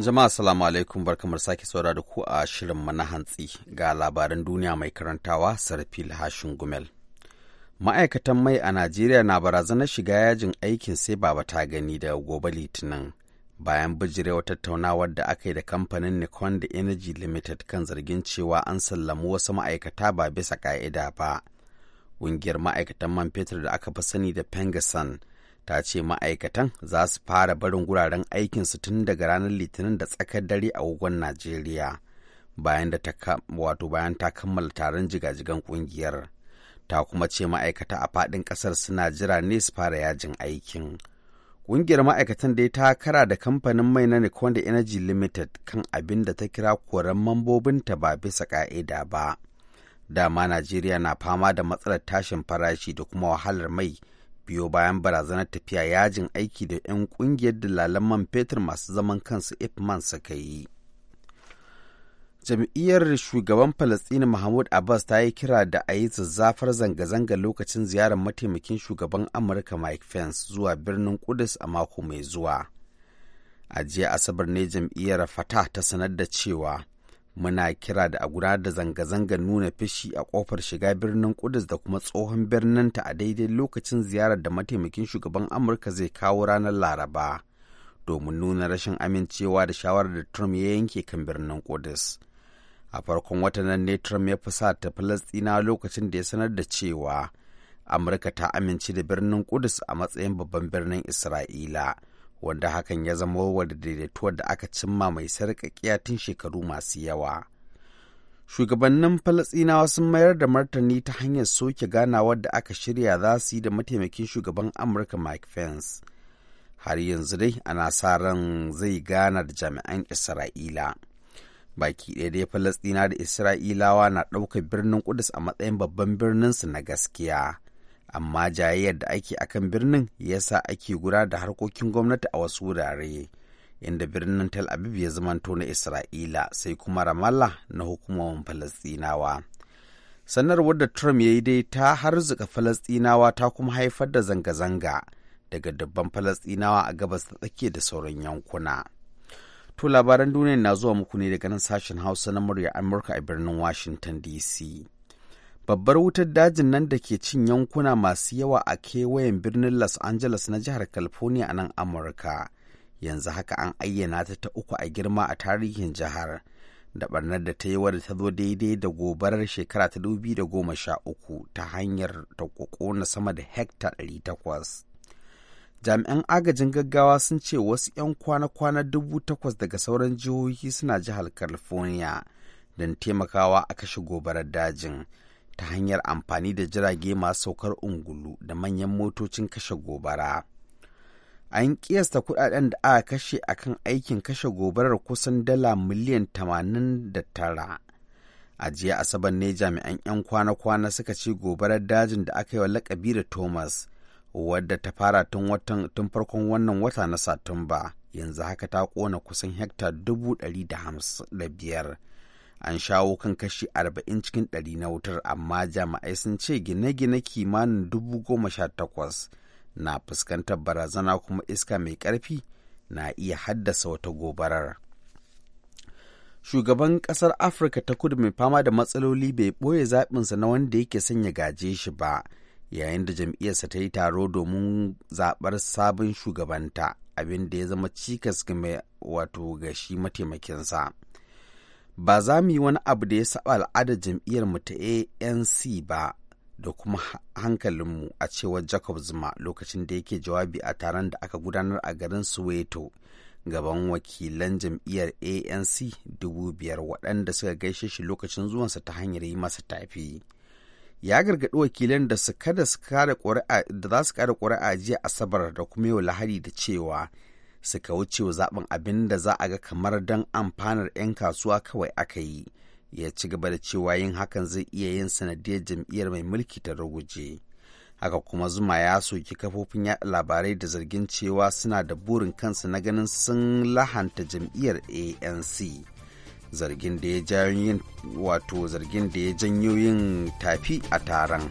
Jama'a salamu alaikum barkamar sake saura da ku a shirin mana hantsi ga labaran duniya mai karantawa sarfil hashin gumel. Ma'aikatan mai a Najeriya na barazanar shiga yajin aikin sai ba ba ta gani da gobe litinin bayan bijirewa tattaunawar da aka yi da kamfanin Nikon da Energy Limited kan zargin cewa an sallamu wasu ma'aikata ba bisa ƙa'ida ba. Ƙungiyar ma'aikatan man fetur da aka fi sani da Pengasan ta ce ma'aikatan za su fara barin guraren aikinsu tun daga ranar litinin da tsakar dare a wugon najeriya bayan da ta wato bayan ta kammala taron jigajigan kungiyar ta kuma ce ma'aikata a faɗin ƙasar suna jira ne su fara yajin aikin ƙungiyar ma'aikatan da ta kara da kamfanin mai na Nikonda Energy Limited kan abin da ta kira koren mambobinta ba bisa ƙa'ida ba. Dama Najeriya na fama da matsalar tashin farashi da kuma wahalar mai biyo bayan barazanar tafiya yajin aiki da 'yan kungiyar dalalan man fetur masu zaman kansu ipman suka yi jam'iyyar shugaban falastina mahmud abbas ta yi kira da a yi zazzafar zanga-zanga lokacin ziyarar mataimakin shugaban amurka mike pence zuwa birnin kudus a mako mai zuwa a jiya asabar ne jam'iyyar fatah ta sanar da cewa muna kira da a gudanar da zanga-zangar nuna fishi a kofar shiga birnin Kudus da kuma tsohon birnin ta a daidai lokacin ziyarar da mataimakin shugaban Amurka zai kawo ranar Laraba domin nuna rashin amincewa da shawarar da Trump ya yanke kan birnin Kudus. A farkon watan ne Trump ya fi ta Falasɗina lokacin da ya sanar da cewa Amurka ta amince da birnin Kudus a matsayin babban birnin Isra'ila. wanda hakan ya zama wadda daidaituwar da aka cimma mai sarƙaƙiya tun shekaru masu yawa. Shugabannin Falasɗinawa sun mayar da martani ta hanyar soke ganawar da aka shirya za su yi da mataimakin shugaban Amurka Mike Pence. Har yanzu dai ana sa ran zai gana da jami'an Isra'ila. Baki ɗaya dai Falasɗina da Isra'ilawa na ɗaukar birnin Kudus a matsayin babban birnin su na gaskiya. amma jayayyar da ake a kan birnin ya sa ake gudanar da harkokin gwamnati a wasu wurare inda birnin tel aviv ya zamanto na isra'ila sai kuma ramallah na hukumomin falastinawa sanarwar da trump ya yi dai ta harzuka falastinawa ta kuma haifar da zanga-zanga daga dubban falastinawa a gabas ta tsakiya da sauran yankuna to labaran duniya na zuwa muku ne daga nan sashen hausa na murya amurka a birnin washington dc babbar wutar dajin nan da ke cin yankuna masu yawa a kewayen birnin los angeles na jihar california a nan amurka yanzu haka an ayyana ta ta uku a girma a tarihin jihar da barnar da ta yi wadda ta zo daidai da gobarar shekara ta 2013 ta hanyar ta na sama da hekta 800 jami'an agajin gaggawa sun ce wasu 'yan kwana-kwana dubu takwas daga sauran jihohi suna jihar california don taimakawa a kashe gobarar dajin ta hanyar amfani da jirage masu saukar ungulu da manyan motocin kashe gobara. An kiyasta kudaden da aka kashe a kan aikin kashe gobarar kusan dala miliyan tamanin da tara A jiya Asabar ne jami'an 'yan kwana-kwana suka ce gobarar dajin da aka yi wa lakabi da Thomas, wadda ta fara tun farkon wannan wata na Satumba, yanzu haka ta kona kusan hekta dubu da hamsin da biyar. an shawo kan kashi 40 cikin 100 na wutar amma jama'ai sun ce gine-gine kimanin 18,000 na fuskantar barazana kuma iska mai karfi na iya haddasa wata gobarar. Shugaban kasar Afirka ta kudu mai fama da matsaloli bai ɓoye zaɓinsa na wanda yake sanya gaje shi ba yayin da jam'iyyarsa ta yi taro domin zaɓar sabon shugabanta abin da ya zama cikas ga wato ga shi mataimakinsa. ba za mu yi wani abu da ya saba al'adar mu ta anc ba da kuma hankalinmu a cewar jacob zuma lokacin da yake jawabi a taron da aka gudanar a garin soweto gaban wakilan jam'iyyar anc dubu biyar waɗanda suka gaishe shi lokacin zuwansa ta hanyar yi masa tafi ya gargaɗi wakilan da su kada da za su kada ƙuri'a jiya asabar da kuma yau lahadi da cewa su kauce wa zaɓin abin da za a ga kamar don amfanar 'yan kasuwa kawai aka yi ya ci gaba da cewa yin hakan zai iya yin sanadiyar jam'iyyar mai mulki ta ruguje haka kuma zuma ya soki kafofin yada labarai da zargin cewa suna da burin kansu na ganin sun lahanta jam'iyyar anc zargin da ya janyo yin tafi a taron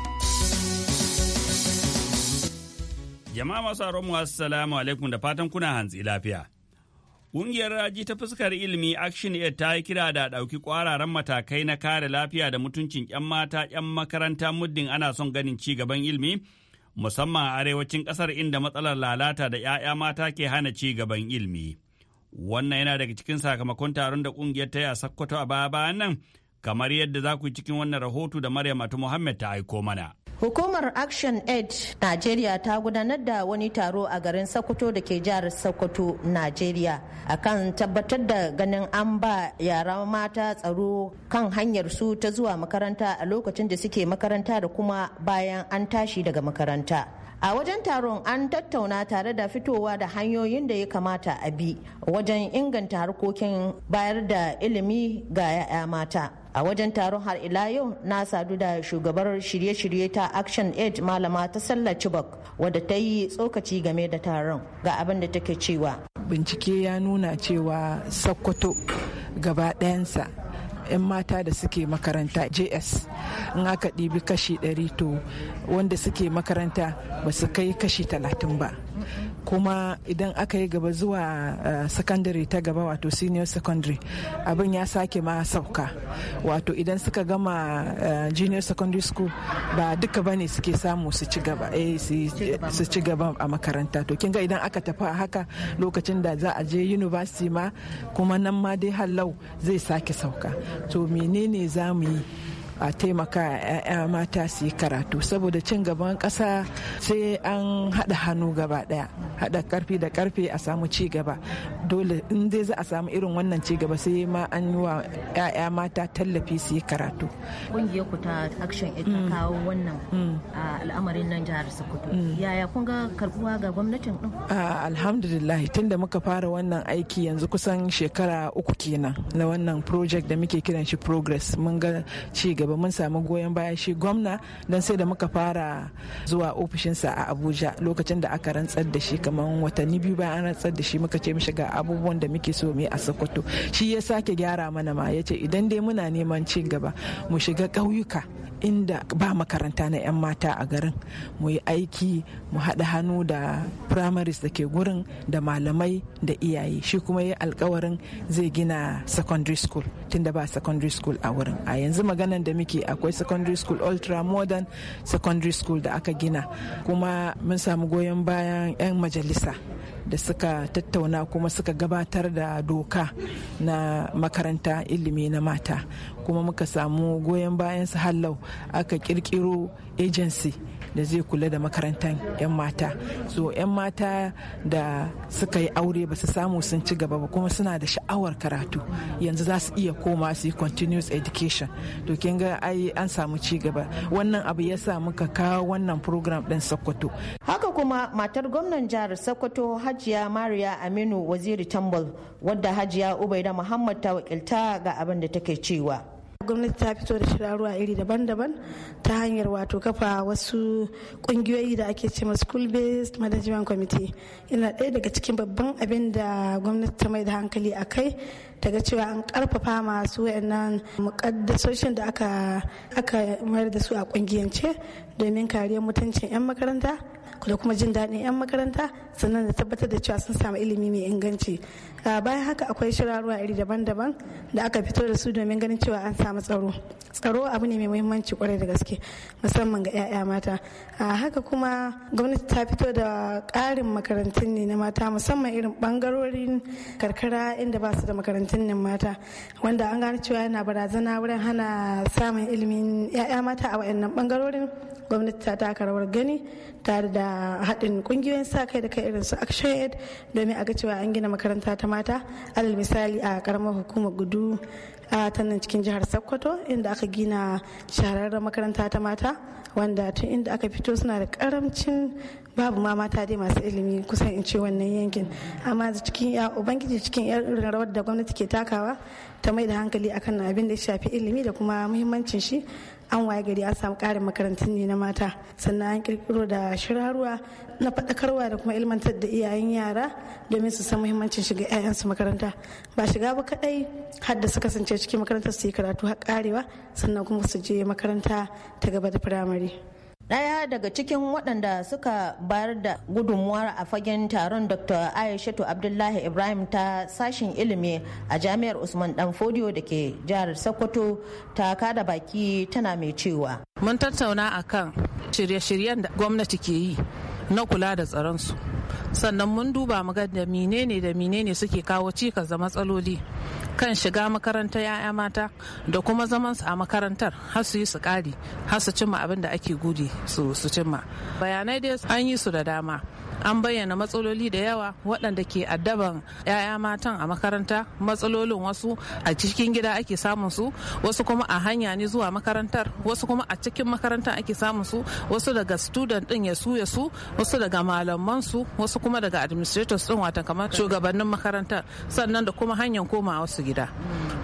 Jama'a masu mu assalamu alaikum da fatan kuna hantsi lafiya. Ƙungiyar Raji ta fuskar ilimi Action Aid ta yi kira da ɗauki ƙwararren matakai na kare lafiya da mutuncin 'yan mata 'yan makaranta muddin ana son ganin ci gaban ilimi, musamman a arewacin ƙasar inda matsalar lalata da 'ya'ya mata ke hana ci gaban ilimi. Wannan yana daga cikin sakamakon taron da ƙungiyar ta yi a Sokoto a baya-bayan nan, kamar yadda za ku yi cikin wannan rahoto da Maryam Muhammad ta aiko mana. Hukumar Action Aid Najeriya ta gudanar da wani taro a garin Sokoto da ke jihar Sokoto, Najeriya akan tabbatar da ganin an ba yara mata tsaro kan hanyar su ta zuwa makaranta a lokacin da suke makaranta da kuma bayan an tashi daga makaranta. a wajen taron an tattauna tare da fitowa da hanyoyin da ya kamata a bi wajen inganta harkokin bayar da ilimi ga 'ya'ya mata a wajen taron har ila yau na sadu da shugabar shirye-shirye ta action aid malama ta sallah chibok wadda ta yi tsokaci game da taron ga abin da take cewa bincike ya nuna cewa sokoto gaba ɗayansa 'yan mata da suke makaranta js in aka ɗibi kashi 100 to wanda suke makaranta ba su kai kashi 30 ba kuma idan aka yi gaba zuwa eh, secondary ta gaba wato senior secondary abin ya sake ma sauka wato idan suka gama eh, junior secondary school ba duka bane suke samu su ci gaba eh, su ci gaba a makaranta to kinga idan aka tafi a haka lokacin da za a je university ma kuma nan ma dai hallau zai sake sauka to menene za mu yi a taimaka 'ya'ya mata su yi karatu saboda cin gaban ƙasa sai an haɗa hannu gaba ɗaya haɗa ƙarfi da ƙarfe a samu ci gaba dole in dai za a samu irin wannan ci gaba sai ma an yi wa 'ya'ya mata tallafi su yi karatu ƙungiyar ku ta action ita mm. kawo wannan mm. al'amarin nan jihar sokoto mm. yaya kun ga karbuwa ga gwamnatin din alhamdulillah tunda muka fara wannan aiki yanzu kusan shekara uku kenan na wannan project da muke kiran shi progress mun ga ci gaba ba mun samu goyon baya shi gwamna don sai da muka fara zuwa ofishinsa a abuja lokacin da aka rantsar da shi kamar watanni biyu bayan an rantsar da shi muka ce mishi ga abubuwan da muke so mu a sokoto shi ya sake gyara mana ma ya ce idan dai muna neman ci gaba mu shiga ƙauyuka inda ba makaranta na 'yan mata a garin mu yi aiki mu haɗa hannu da primaries da ke gurin da malamai da iyaye shi kuma yi alkawarin zai gina secondary school tunda ba secondary school a wurin a yanzu maganan da muke akwai secondary school ultra modern secondary school da aka gina kuma mun samu goyon bayan 'yan majalisa da suka tattauna kuma suka gabatar da doka na makaranta ilimi na mata kuma muka samu goyon bayan su hallau aka kirkiro agency da zai kula da makarantar 'yan mata so 'yan mata da suka yi aure ba su samu sun ci gaba ba kuma suna da sha'awar karatu yanzu za su iya koma su yi continuous education to kin ga ai an samu ci gaba wannan abu ya sa muka kawo wannan program din sokoto haka kuma matar gwamnan jihar sokoto hajiya maria aminu waziri tambal wadda hajiya ubaida muhammad ta wakilta ga abin da take cewa gwamnati ta fito da shirarwa iri daban-daban ta hanyar wato kafa wasu kungiyoyi da ake cewa school based management committee yana ɗaya daga cikin babban abin da gwamnati ta mai da hankali a kai daga cewa an karfafa masu wayannan mukaddasoshin da aka mayar da su a kungiyance domin kariyar mutuncin 'yan makaranta da kuma jin daɗin 'yan makaranta sannan da tabbatar da cewa sun samu ilimi mai inganci a bayan haka akwai shirarwa iri daban-daban da aka fito da su domin ganin cewa an samu tsaro tsaro abu ne mai muhimmanci kwarai da gaske musamman ga 'ya'ya mata a haka kuma gwamnati ta fito da ƙarin makarantun ne na mata musamman irin ɓangarorin karkara inda ba su da makarantun nan mata wanda an gane cewa yana barazana wurin hana samun ilimin 'ya'ya mata a waɗannan ɓangarorin gwamnati ta taka rawar gani tare da haɗin ƙungiyoyin sa kai da kai irin su action aid domin a ga cewa an gina makaranta ta mata alal misali a ƙaramar hukumar gudu a ta nan cikin jihar sokoto inda aka gina shahararren makaranta ta mata wanda tun inda aka fito suna da karamcin babu ma mata dai masu ilimi kusan in ce wannan yankin amma cikin ya ubangiji cikin yar irin rawar da gwamnati ke takawa ta mai da hankali akan abin da ya shafi ilimi da kuma muhimmancin shi an waye gari an samu karin makarantun ne na mata sannan an kirkiro da shirarwa na faɗakarwa da kuma ilmantar da iyayen yara domin su san muhimmancin shiga 'ya'yansu makaranta ba shiga ba kaɗai har da su kasance cikin makarantar su yi karatu har karewa sannan kuma su je makaranta ta gaba da firamare. Ɗaya daga cikin waɗanda suka bayar da gudunmuwar a fagen taron Dr. Aishatu Abdullahi Ibrahim ta sashen ilimi a Jami'ar Usman fodiyo da ke jihar Sokoto ta kada baki tana mai cewa. Mun tattauna akan shirye-shiryen da gwamnati ke yi na kula da tsaronsu. sannan mun duba mu ga da menene da menene suke kawo cikas da matsaloli kan shiga makaranta 'ya'ya mata da kuma zaman su a makarantar har su yi su kari har su cimma abin da ake gudi su cimma bayanai dai an yi su da dama an bayyana matsaloli da yawa waɗanda ke addaban 'ya'ya matan a makaranta matsalolin wasu a cikin gida ake samun su wasu kuma a hanya ne zuwa makarantar wasu kuma a cikin makarantar ake samun su wasu daga student din ya su ya su wasu daga malaman su wasu kuma daga administrators din wata kamar shugabannin makarantar sannan da kuma hanyar koma wasu gida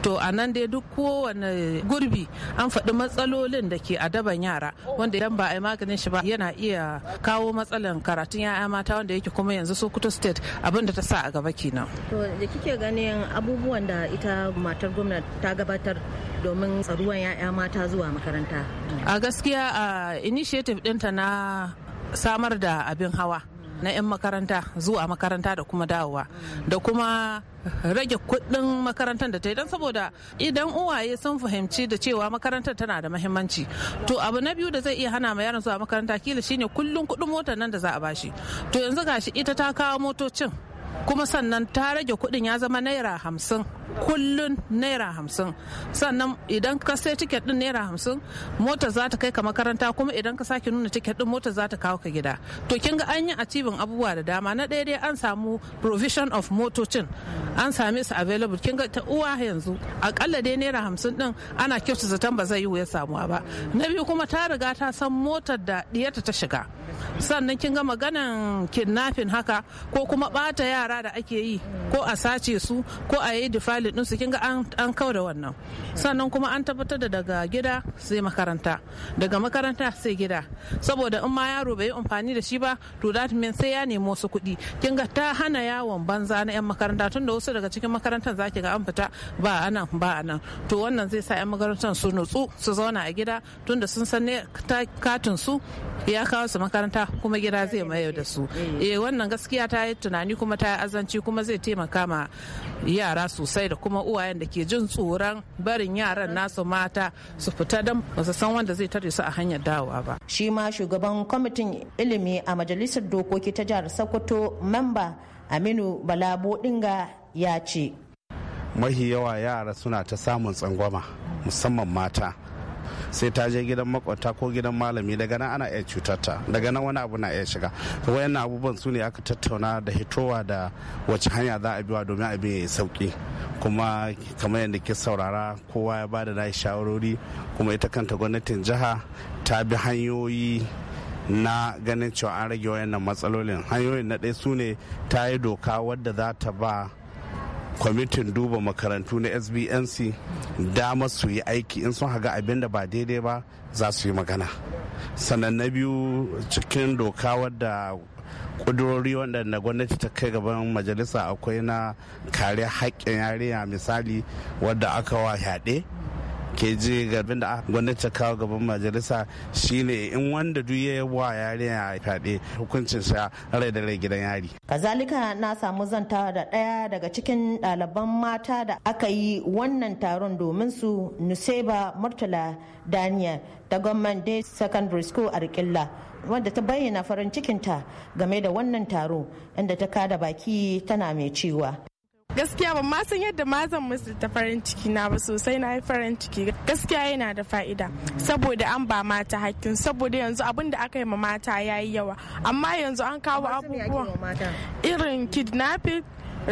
to a nan dai duk kowane gurbi an faɗi matsalolin da ke adaban yara wanda idan ba a yi maganin shi ba yana iya kawo matsalan karatun 'ya'ya mata mata wanda yake kuma yanzu sokoto state abin da ta sa a gaba kenan to da kike ganin abubuwan da ita matar gwamna ta gabatar domin tsaruwan 'ya'ya mata zuwa makaranta a gaskiya a initiative ɗinta na samar da abin hawa na 'yan makaranta zuwa makaranta da kuma dawowa da kuma rage kuɗin makarantar da ta yi don saboda idan uwaye sun fahimci da cewa makarantar tana da mahimmanci to abu na biyu da zai iya hana ma yaron zuwa makaranta kila shine kullum kuɗin motar nan da za a bashi to yanzu gashi ita ta kawo motocin kuma sannan ta rage kuɗin ya zama naira hamsin kullun naira hamsin sannan idan ka sai tiket din naira hamsin mota za ta kai ka makaranta kuma idan ka sake nuna tiket din mota za ta kawo ka gida to kin ga an yi cibin abubuwa da dama na ɗaya dai an samu provision of motocin an same su available kin ga ta uwa yanzu akalla dai naira hamsin din ana kyautu zaton ba zai yi wuya samuwa ba na biyu kuma ta riga ta san motar da diyata ta shiga sannan kin ga maganan kidnapping haka ko kuma bata yara yara da ake yi ko a sace su ko a yi difalin ɗinsu kin ga an kau da wannan sannan kuma an tabbatar da daga gida sai makaranta daga makaranta sai gida saboda in ma yaro bai yi amfani da shi ba to that means sai ya nemi su kuɗi kin ga ta hana yawon banza na 'yan makaranta tun da wasu daga cikin makarantar za ki ga an fita ba a nan ba a nan to wannan zai sa 'yan makarantar su nutsu su zauna a gida tun da sun san ne katin su ya kawo su makaranta kuma gida zai mayar da su eh wannan gaskiya ta yi tunani kuma ta azanci kuma zai taimaka ma yara sosai da kuma uwayen da ke jin tsoron barin yaran nasu mata su fita don su san wanda zai tare su a hanyar dawowa ba. Shi ma shugaban kwamitin ilimi a majalisar dokoki ta jihar Sokoto memba Aminu Balabo Dinga ya ce. Mahi yawa yara suna ta samun tsangwama musamman mata. sai ta je gidan makwabta ko gidan malami daga nan ana iya cutarta daga nan wani abu na iya shiga to wayannan abubuwan su ne aka tattauna da hitowa da wace hanya za a biwa domin abin ya yi sauki kuma kamar yadda ke saurara kowa ya bada da shawarori kuma ita kanta gwamnatin jiha ta bi hanyoyi na ganin cewa an rage wayannan matsalolin hanyoyin na ɗaya su ne ta yi doka wadda za ta ba kwamitin duba makarantu na sbnc dama su yi aiki in sun haga abin da ba daidai ba za su yi magana sannan na biyu cikin doka wadda kudurori waɗanda gwamnati ta kai gaban majalisa akwai na kare haƙƙin yarinya misali wadda aka wa yaɗe ke ji garbin da gwamnati ta kawo gaban majalisa shine in wanda duk ya wa ya fyaɗe hukuncin sa rai da rai gidan yari kazalika na samu zanta da ɗaya daga cikin ɗaliban mata da aka yi wannan taron domin su nuseba murtala daniel ta gwamnan day secondary school a rikilla wanda ta bayyana farin cikinta game da wannan taro inda ta kada baki tana mai cewa gaskiya ban ma san yadda ma zan misalta farin ciki na ba sosai na yi farin ciki gaskiya yana da fa'ida saboda an ba mata hakkin saboda yanzu abin da aka yi ma mata ya yi yawa amma yanzu an kawo abubuwa irin kidnapping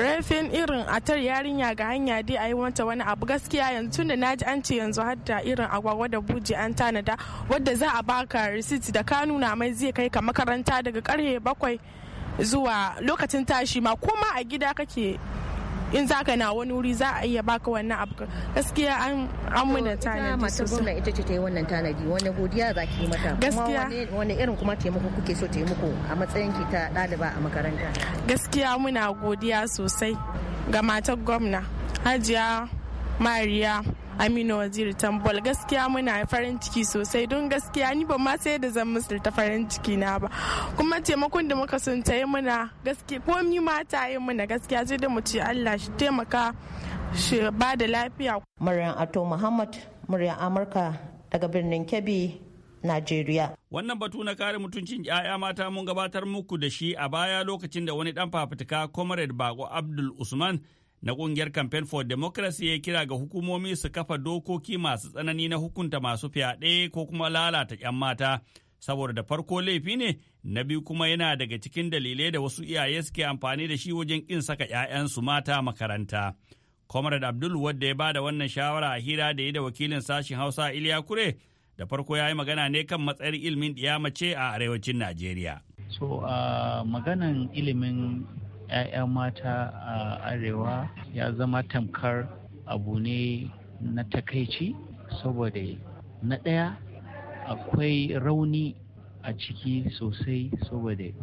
rafin irin atar yarinya ga hanya dai a yi wata wani abu gaskiya yanzu tun da naji an ce yanzu hadda irin agwagwa da buji an tanada wadda za a baka risit da ka nuna mai zai kai ka makaranta daga karhe bakwai zuwa lokacin tashi ma kuma a gida kake in za ka na wani wuri za a iya baka wannan abu gaskiya an an mu da tanadi gwamna ita ce ta yi wannan tanadi wani godiya za ki mata gaskiya wani irin kuma taimako kuke so taimako a matsayin ki ta ɗaliba a makaranta gaskiya muna godiya sosai ga matar gwamna hajiya mariya Aminu Waziri Tambol gaskiya muna farin ciki sosai don gaskiya ni ba ma sai da zan musu ta farin ciki na ba kuma taimakon da muka sun ta yi muna gaskiya ko mi ma yi muna gaskiya sai da mu ce Allah shi taimaka shi ba da lafiya. Maryam Ato Muhammad murya Amurka daga birnin Kebbi Najeriya. Wannan batu na kare mutuncin 'ya'ya mata mun gabatar muku da shi a baya lokacin da wani dan fafutuka Comrade bago Abdul Usman na kungiyar campaign for democracy ya kira ga hukumomi su kafa dokoki masu tsanani na hukunta masu fyaɗe ko kuma lalata 'yan mata saboda da farko laifi ne na biyu kuma yana daga cikin dalilai da wasu iyaye suke amfani da shi wajen ƙin saka 'ya'yansu mata makaranta. Comrade Abdul wadda ya bada wannan shawara a hira da ya da wakilin sashen Hausa Iliya Kure da farko ya yi magana ne kan matsayar ilimin mace a arewacin Najeriya. So uh, maganan ilimin 'ya'ya mata a arewa ya zama tamkar abu ne na takaici saboda na ɗaya akwai rauni a ciki sosai saboda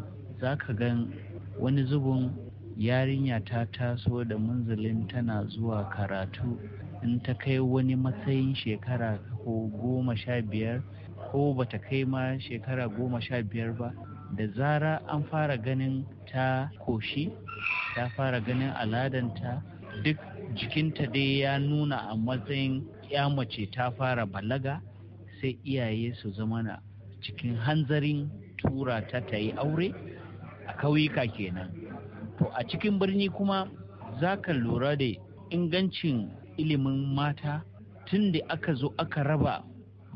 za ka gan wani zubin yarinya ta taso da munzulin tana zuwa karatu in ta kai wani matsayin shekara ko goma sha biyar ko bata kai ma shekara goma sha biyar ba da zara an fara ganin ta koshi ta fara ganin aladanta duk jikinta dai ya nuna a matsayin ya mace ta fara balaga sai iyaye su zama na cikin hanzarin tura ta ta yi aure a kauyuka kenan to a cikin birni kuma za ka lura da ingancin ilimin mata tun da aka zo aka raba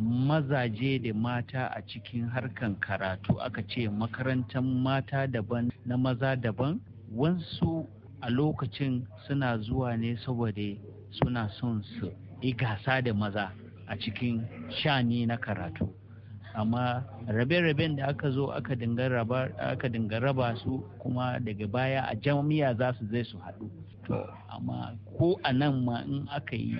mazaje da mata a cikin harkan karatu aka ce makarantar mata daban na maza daban wansu a lokacin suna zuwa ne saboda suna son su yi gasa da maza a cikin shani na karatu amma rabe-raben da aka zo aka dinga raba su kuma daga baya a jami'a za su zai su haɗu to amma ko a nan ma in aka yi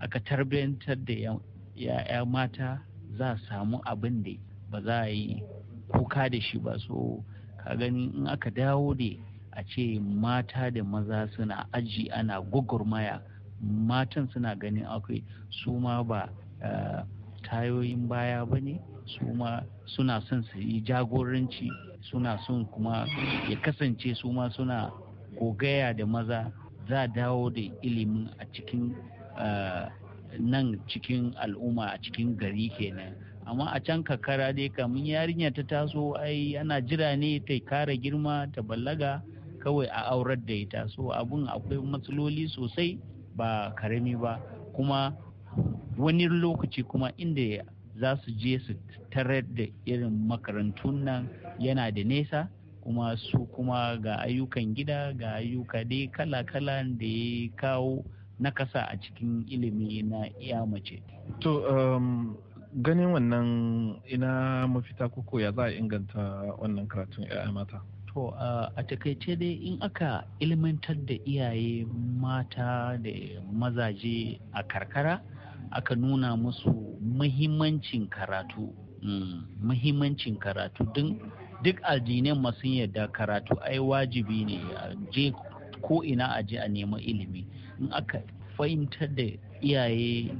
aka tarbiyantar da ya'ya mata za samu abin da ba za a yi kuka da shi ba so ka gani in aka dawo da a ce mata da maza suna aji ana gwagwarmaya matan suna ganin akwai su ma ba eh, tayoyin baya ba ne su ma suna son su yi jagoranci suna son kuma ya kasance su ma suna gogaya da maza za dawo da ilimin a cikin eh, nan cikin al'umma a cikin gari kenan amma a can kakara dai kamun yarinya ta taso ai ana jira ne ta kara girma ta balaga kawai a aurar da ita so abun akwai matsaloli sosai ba karami ba kuma wani lokaci kuma inda za su je su tarar da irin makarantun nan yana da nesa kuma su kuma ga ayyukan gida ga ayyuka dai kala-kala da ya kawo na kasa a cikin ilimi na iya mace. To um, ganin wannan ina mafita koko ya za a inganta wannan karatun 'ya'ya mata? To uh, a takaice dai in aka ilimantar da iyaye mata da mazaje a karkara aka nuna musu muhimmancin karatu. Mm, muhimmancin karatu din duk aljinin masu yadda karatu ai wajibi ne je ko ina a je a nemi ilimi. in aka fahimtar da iyaye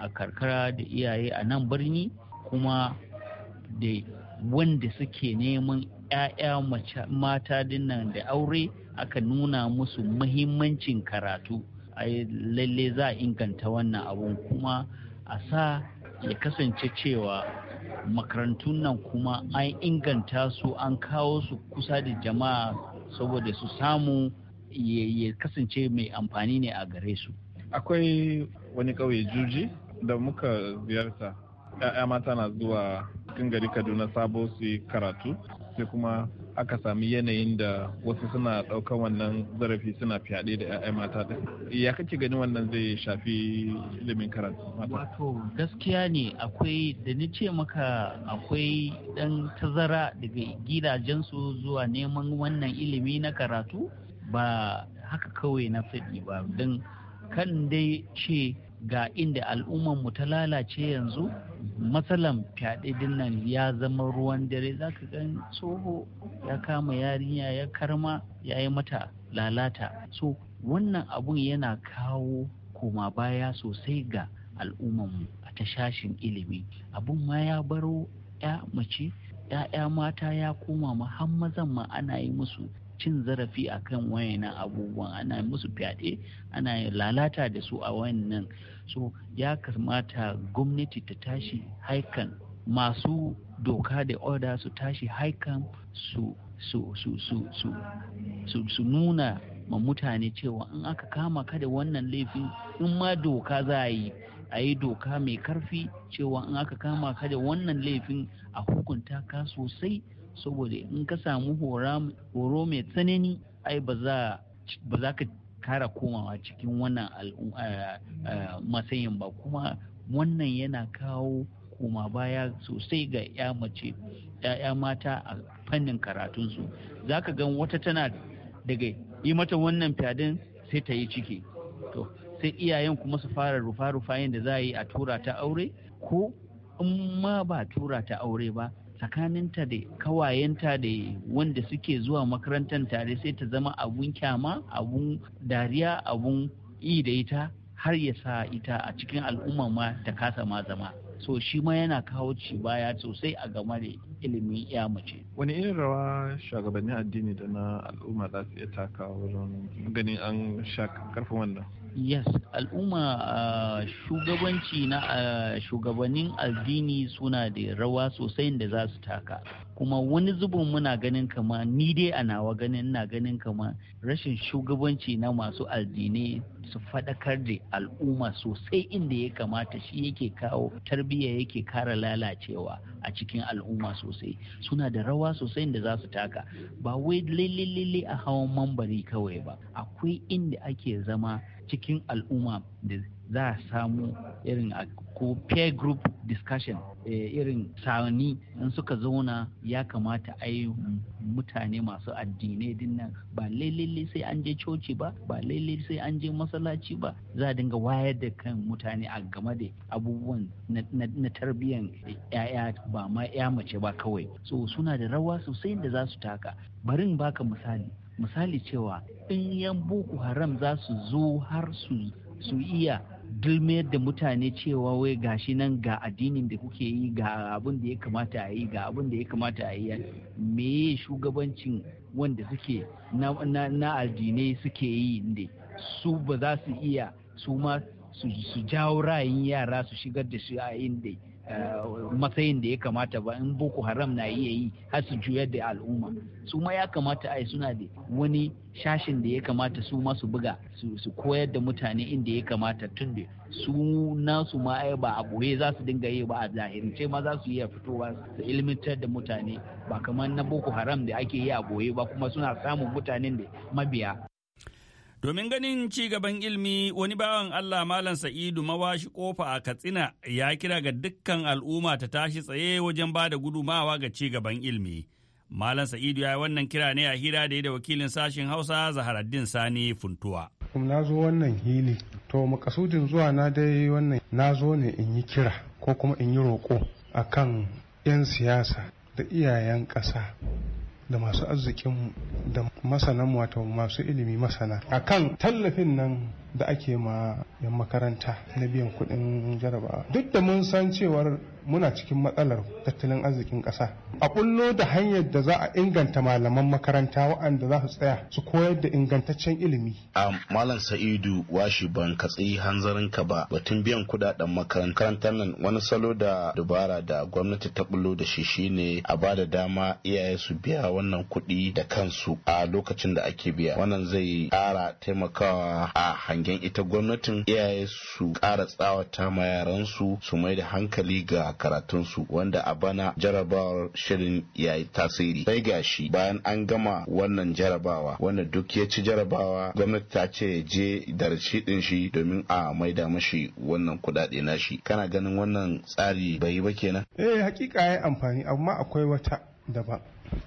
a karkara da iyaye a nan birni kuma da wanda suke neman 'ya'ya mata dinnan da aure aka nuna musu muhimmancin karatu ai lalle za a inganta wannan abun kuma a sa ya kasance cewa makarantun nan kuma an inganta su an kawo su kusa da jama'a saboda su samu ya kasance mai amfani ne a gare su akwai wani ƙauye juji da muka ziyarta ya'ya mata na zuwa cikin gari kaduna sabo su yi karatu sai kuma aka sami yanayin da wasu suna ɗaukar wannan zarafi suna fyaɗe da 'ya'ya mata ɗin ya kake gani wannan zai shafi ilimin karatu wato gaskiya ne akwai da ni ce maka akwai ɗan tazara daga gidajensu zuwa neman wannan ilimi na karatu ba haka kawai na faɗi ba don kan dai ce ga inda al'umman mu ta lalace yanzu matsalan fyaɗe din nan ya zama ruwan dare za ka gan tsoho ya kama yarinya ya karma ya yi mata lalata so wannan abun yana kawo koma baya sosai ga al'umman mu a ta shashin ilimi abun ma ya baro ya mace ya'ya mata ya koma ma har mazan ma ana yi musu cin zarafi akan wayannan abubuwan ana musu fyaɗe ana lalata da su a wayannan so ya kamata gwamnati ta tashi haikan masu doka da oda su tashi haikan su nuna ma mutane cewa in aka kama ka wannan laifin in ma doka za a yi a yi doka mai karfi cewa in aka kama ka da wannan laifin a hukunta ka sosai saboda in ka samu horo mai tsanani ai ba za ka kara komawa cikin wannan eh, eh, matsayin ba kuma wannan yana kawo koma baya sosai ga ya ya mata a fannin karatunsu za ka gan wata tana daga yi mata wannan fyadin sai ta yi ciki to sai iyayen kuma su fara rufa-rufayen da za a yi a tura ta aure ko in ma ba tura ta aure ba tsakaninta da kawayenta da wanda suke zuwa makarantar tare sai ta zama abun kyama abun dariya abun yi da ita har ya sa ita a cikin al'umma ma ta kasa ma zama so shi ma yana kawo ci baya sosai a game da ilimin ya mace. Wani irin rawa shugabannin addini da na al'umma za su iya taka wurin ganin an sha karfin wannan? yes al'umma ah, shugabanci na ah, shugabannin addini suna da rawa sosai da za su taka kuma wani zubin muna ganin kama ni dai a nawa ganin na ganin kama rashin shugabanci na masu addinai su faɗakar da al'umma sosai inda ya kamata shi yake kawo tarbiyya yake kara lalacewa a cikin al'umma sosai suna da rawa sosai da za su taka ba wai lalle a hawan mambari kawai ba akwai inda ake zama cikin al'umma da za a samu irin a ko peer group discussion eh, irin sani in suka zauna ya kamata a yi mutane masu addinai din nan ba lalle sai an je coci ba ba lalle sai an je masallaci ba za a dinga wayar da kan mutane a game da abubuwan na tarbiyyar yaya ba ma ya mace ba kawai so suna da rawa sosai da za su taka barin baka misali misali cewa in yan boko haram za su zo har su iya dulmayar da mutane cewa wai gashi nan ga addinin da kuke yi ga abin da ya kamata a yi ga abin da ya kamata a yi meye shugabancin wanda suke na addinai suke yi inda su ba za su iya su ma su jawo ra'ayin yara su shigar da shi a inda Eh, matsayin da ya kamata ba in boko haram na iya yi har su juyar da al'umma su ma ya kamata yi suna da wani shashin da ya kamata su ma su buga su koyar da mutane inda ya kamata tun da su nasu ma ai ba a boye za su dinga yi ba a zahirce ma za su iya fitowa su ilmantar da mutane ba kamar na boko haram da ake yi a boye ba kuma suna samun mutanen da mabiya Domin ganin ci gaban ilmi wani bawan Allah Malam Sa'idu mawashi kofa a Katsina ya kira ga dukkan al'umma ta tashi tsaye wajen ba da gudumawa ga ci gaban ilmi. Malam Sa'idu ya yi wannan kira ne a hira da da wakilin sashen Hausa Zaharaddin Sani Funtuwa. Na zo wannan hili, to makasudin zuwa na dai wannan na zo ne in yi kira ko kuma in yi roƙo akan 'yan siyasa da iyayen ƙasa da masu arzikin da masana wato masu ilimi masana akan tallafin nan da ake ma yan makaranta na biyan kuɗin jarabawa duk da mun san cewar muna cikin matsalar tattalin arzikin ƙasa a bullo da hanyar da za a inganta malaman makaranta waɗanda za su tsaya su koyar da ingantaccen ilimi a malam sa'idu washi ban katsi hanzarin ka ba batun biyan kuɗaɗen makarantar nan wani salo da dubara da gwamnati ta bullo da shi shine a ba da dama iyaye su biya wannan kuɗi da kansu a lokacin da ake biya wannan zai ƙara taimakawa a hangen ita gwamnatin iyaye su ƙara tsawata ma yaransu su mai da hankali ga karatunsu wanda a bana jarabawar shirin ya yi tasiri sai gashi bayan an gama wannan jarabawa wanda duk ya ci jarabawa gwamnati ta ce je da rashidin shi domin a mai maida mashi wannan kudade nashi kana ganin wannan tsari bai yi ba kenan eh hakika ya amfani amma akwai wata daban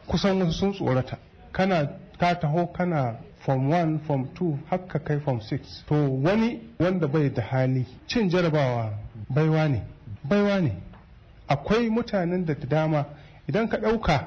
kusan wasu sun tsorata kana ka taho kana form 1 form 2 haka kai form 6 to wani wanda bai da hali cin jarabawa baiwa ne baiwa ne akwai mutanen da dama idan ka ɗauka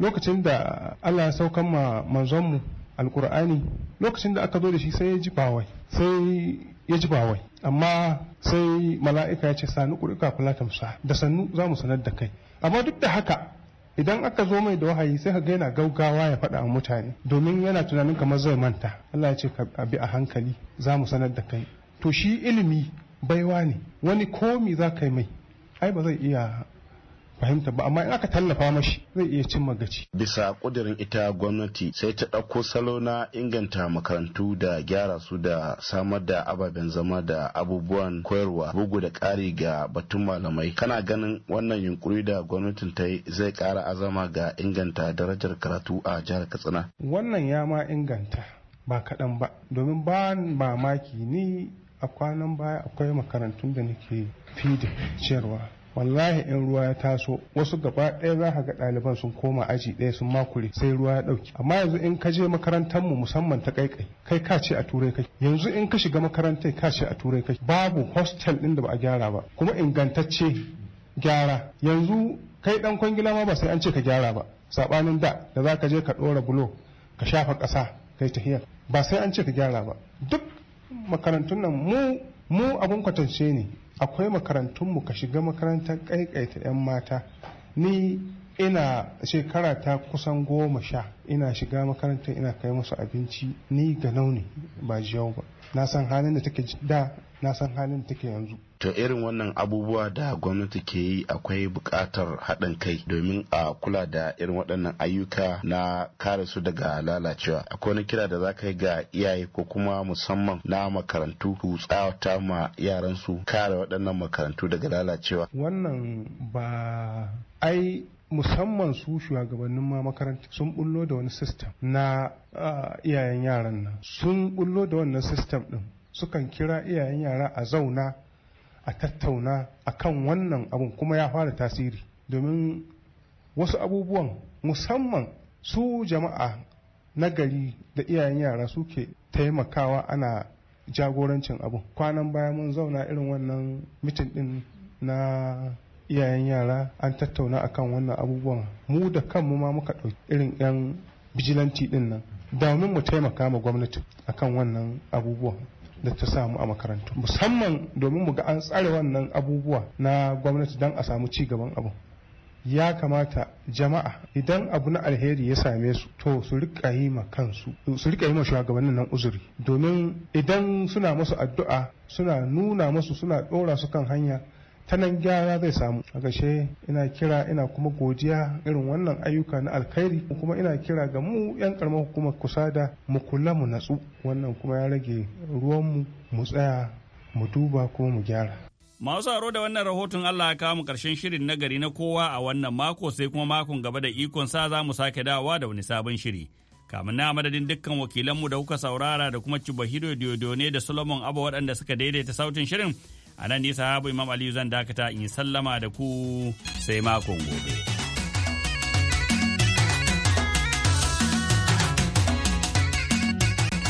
lokacin da allah saukan ma manzonmu alkur'ani lokacin da aka zo da shi sai ya ji bawai sai ya ji bawai amma sai mala'ika ya ce sani ƙuriƙa kula musa da sannu za mu sanar da kai amma duk da haka idan aka zo mai da wahayi sai ka ga yana gaugawa ya faɗa a mutane domin yana tunanin kamar zai manta Allah ya ce ka bi a hankali za mu sanar da kai to shi ilimi baiwa ne wani komi za ka yi mai ai ba zai iya fahimta ba amma in aka tallafa mashi zai iya cin gaci. Bisa kudirin ita gwamnati sai ta ɗauko salo na inganta makarantu da gyara su da samar da ababen zama da abubuwan koyarwa bugu da ƙari ga batun malamai. Kana ganin wannan yunkuri da gwamnatin ta yi zai ƙara azama ga inganta darajar karatu a jihar Katsina. Wannan ya ma inganta ba kaɗan ba domin ba mamaki ni a kwanan baya akwai makarantun da nake fidi ciyarwa wallahi in ruwa ya taso wasu gaba ɗaya za ka ga ɗaliban sun koma aji ɗaya sun makure sai ruwa ya ɗauki amma yanzu in ka je makarantar mu musamman ta kaikai kai ka ce a turai kai yanzu in ka shiga makarantar ka ce a turai kai babu hostel ɗin da ba a gyara ba kuma ingantacce gyara yanzu kai ɗan kwangila ma ba sai an ce ka gyara ba Sabanin da da za ka je ka ɗora bulo ka shafa ƙasa kai tahiyar ba sai an ce ka gyara ba duk makarantun nan mu mu abun kwatance ne akwai makarantun mu ka shiga makarantar ƙaiƙaita yan mata ni ina shekara ta kusan goma sha ina shiga makaranta ina kai musu abinci ni ga nauni ba jiyau ba na san halin da take da na san halin da take yanzu to irin wannan abubuwa da gwamnati ke yi akwai bukatar haɗin kai domin a kula da irin waɗannan ayyuka na kare su daga lalacewa akwai wani kira da za ka yi ga iyaye ko kuma musamman na makarantu su tsawata ma yaran su kare waɗannan makarantu daga lalacewa wannan ba ai musamman su shugabannin ma makaranta sun bullo da wani system na iyayen yaran nan sun bullo da wannan system din sukan kira iyayen yara a zauna a tattauna a kan wannan abun kuma ya fara tasiri domin wasu abubuwan musamman su jama'a na gari da iyayen yara suke taimakawa ana jagorancin abu kwanan baya mun zauna irin wannan mitin din na iyayen yara an tattauna akan wannan abubuwan mu da kanmu ma muka ɗauki irin 'yan bijilanti ɗin nan domin mu taimaka ma gwamnati akan wannan abubuwan da ta samu a makarantu musamman domin mu ga an tsare wannan abubuwa na gwamnati don a samu ci gaban abu ya kamata jama'a idan abu na alheri ya same su to su rika yi ma kansu su rika yi ma shugabannin nan uzuri domin idan suna masu addu'a suna nuna masu suna ɗora su kan hanya ta nan gyara zai samu a gashe ina kira ina kuma godiya irin wannan ayyuka na alkhairi kuma ina kira ga mu yan karamar hukumar kusa da mu kula mu natsu wannan kuma ya rage ruwanmu mu tsaya mu duba kuma mu gyara Masu aro da wannan rahoton Allah ya kawo mu karshen shirin na gari na kowa a wannan mako sai kuma makon gaba da ikon sa za mu sake dawowa da wani sabon shiri. kamun na madadin dukkan wakilanmu da kuka saurara da kuma Cibahido Diodone da Solomon Abba waɗanda suka daidaita sautin shirin a nan nisa abin imam aliyu zan dakata in sallama da ku sai makon gobe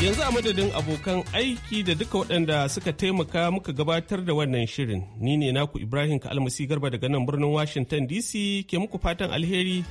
yanzu a madadin abokan aiki da duka waɗanda suka taimaka muka gabatar da wannan shirin ni ne naku ibrahim ka Almasi garba daga nan birnin washington dc ke muku fatan alheri